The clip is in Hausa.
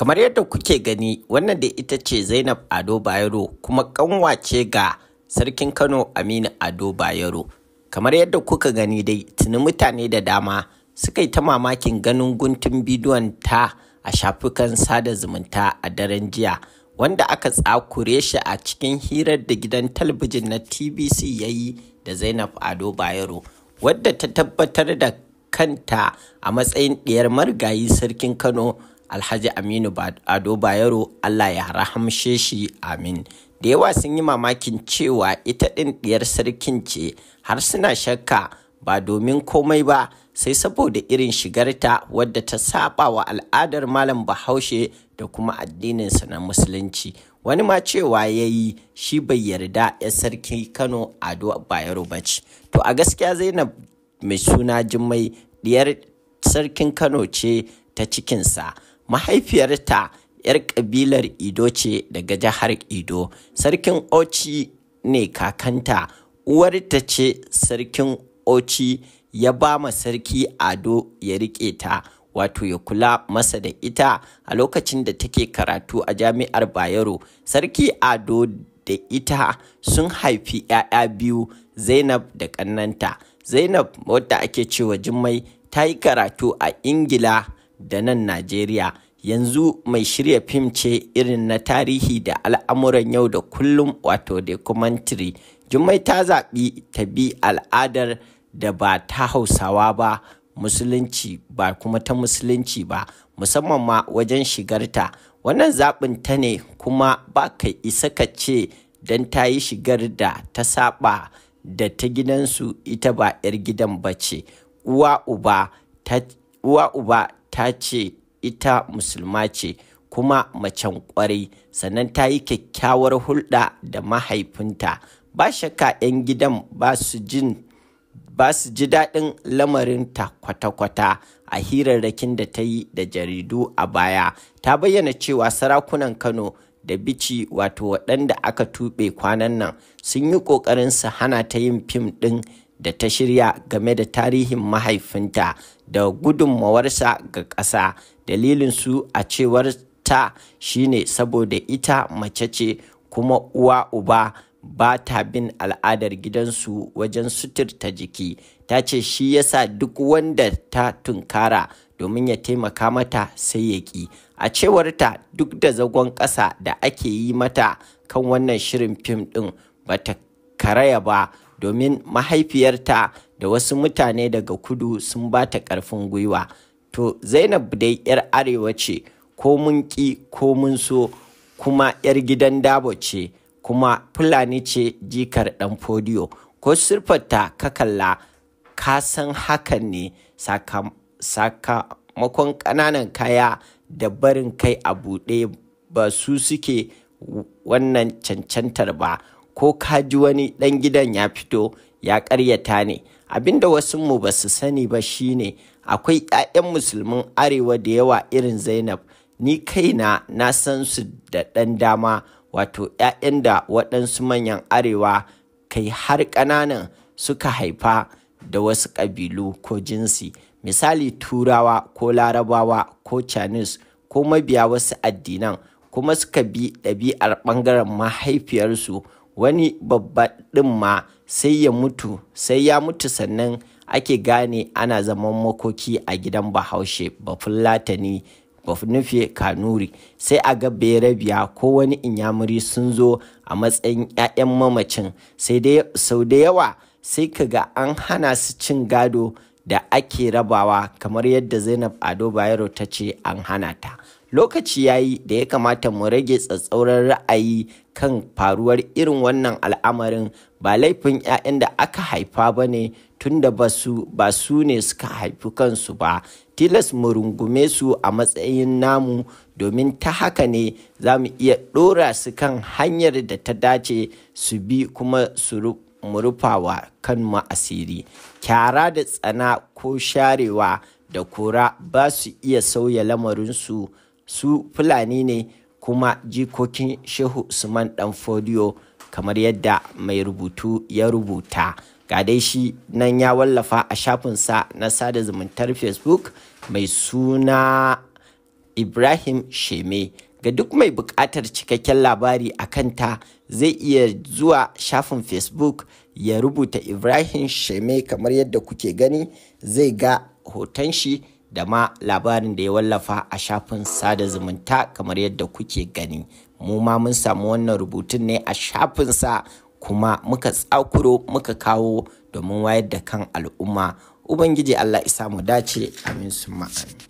Kamar yadda kuke gani wannan da ita ce Zainab Ado Bayero kuma kanwace ga Sarkin Kano Aminu Ado Bayero. Kamar yadda kuka gani dai tuni mutane da dama suka yi ta mamakin ganin guntun bidiyon ta a shafukan sada zumunta a daren jiya wanda aka tsakure shi a cikin hirar da gidan talabijin na TBC ya yi da Zainab Ado Bayero wadda ta tabbatar da kanta a matsayin ɗiyar marigayi sarkin Kano alhaji aminu ado bayero allah ya rahamshe shi amin da yawa sun yi mamakin cewa ita ɗin ɗiyar sarkin ce har suna shakka ba domin komai ba sai saboda irin shigarta wadda ta saba wa al'adar malam bahaushe da kuma addininsa na musulunci wani ma cewa ya yi shi bai yarda ya sarki kano ado bayero ba ce to a gaskiya zainab mai suna Jummai ɗiyar sarkin kano ce ta cikinsa Mahaifiyarta 'yar ƙabilar Ido ce daga jihar Ido. Sarkin Oci ne kakanta, uwarta ce Sarkin Oci ya ba ma Sarki Ado ya riƙe ta, wato ya kula masa da ita a lokacin da take karatu a jami'ar Bayero. Sarki Ado da ita sun haifi 'ya'ya biyu Zainab da ƙannanta. Zainab wadda ake cewa Jummai ta yi karatu a Ingila. da nan Najeriya yanzu mai shirya fim ce irin na tarihi da al'amuran yau da kullum wato documentary jummai ta zaɓi ta bi al'adar da ba ta hausawa ba musulunci ba kuma ta musulunci ba musamman ma wajen shigarta wannan zaɓin ta ne kuma ba ka isa ka ce don ta yi shigar da ta saba da ta gidansu ita ba 'yar gidan ba ce uwa uba ta ce ita musulma ce kuma macen ƙwarai sannan ta yi kyakkyawar hulɗa da mahaifinta ba shakka 'yan gidan ba su ji daɗin lamarinta kwata-kwata a hirarrakin da ta yi da jaridu a baya ta bayyana cewa sarakunan kano da bici wato waɗanda aka tuɓe kwanan nan sun yi ƙoƙarin su hana ta yin fim ɗin da ta shirya game da tarihin mahaifinta da gudunmawarsa ga ƙasa dalilinsu a cewar ta shine saboda ita mace ce kuma uwa uba ba ta bin al'adar gidansu wajen suturta jiki ta ce shi yasa duk wanda ta tunkara domin ya taimaka mata sai ya ƙi a cewarta duk da zagon ƙasa da ake yi mata kan wannan shirin fim ɗin ba ta karaya ba domin mahaifiyarta da wasu mutane daga kudu sun ba ta ƙarfin gwiwa. To Zainab dai 'yar arewa ce ko mun ƙi ko mun so kuma 'yar gidan dabo ce kuma Fulani ce jikar ɗan fodiyo ko sirfarta ka kalla ka san hakan ne sakamakon ƙananan kaya da barin kai a buɗe ba su suke wannan cancantar ba. ko kaji wani ɗan gidan ya fito ya ƙaryata ne abinda wasu mu ba su sani ba shine akwai 'ya'yan musulmin arewa da yawa irin zainab ni kaina na san su da ɗan dama wato 'ya'yan da waɗansu manyan arewa kai har ƙananan suka haifa da wasu ƙabilu ko jinsi misali turawa ko larabawa ko chinese ko mabiya wasu addinan kuma suka bi ɗabi'ar ɓangaren mahaifiyarsu wani babba ɗin ma sai ya mutu sai ya mutu sannan ake gane ana zaman makoki a gidan bahaushe bafulatani bafunufe kanuri sai a ga berabiya ko wani inyamuri sun zo a matsayin 'ya'yan mamacin sau da yawa sai ka ga an hana su cin gado da ake rabawa kamar yadda zainab ado bayero ta ce an hana ta lokaci ya yi da ya kamata mu rage tsatsauran ra'ayi kan faruwar irin wannan al'amarin ba laifin 'ya'yan da aka haifa ba ne tun da ba su ne suka haifi kansu ba tilas mu rungume su a matsayin namu domin ta haka ne za mu iya ɗora su kan hanyar da ta dace su bi kuma su mu rufawa asiri kyara da tsana ko sharewa da kura ba su iya sauya lamarinsu su Fulani ne kuma jikokin Shehu Usman ɗan folio kamar yadda mai rubutu ya rubuta. Ga dai shi nan ya wallafa a shafinsa na sada zumuntar Facebook mai suna Ibrahim Sheme. Ga duk mai buƙatar cikakken labari a kanta zai iya zuwa shafin Facebook ya rubuta Ibrahim Sheme kamar yadda kuke gani zai ga hoton shi da ma labarin da ya wallafa a shafin sada zumunta kamar yadda kuke gani mu ma mun samu wannan rubutun ne a shafinsa kuma muka tsakuro muka kawo domin wayar da kan al'umma ubangiji allah isa mu dace amin su ma'ani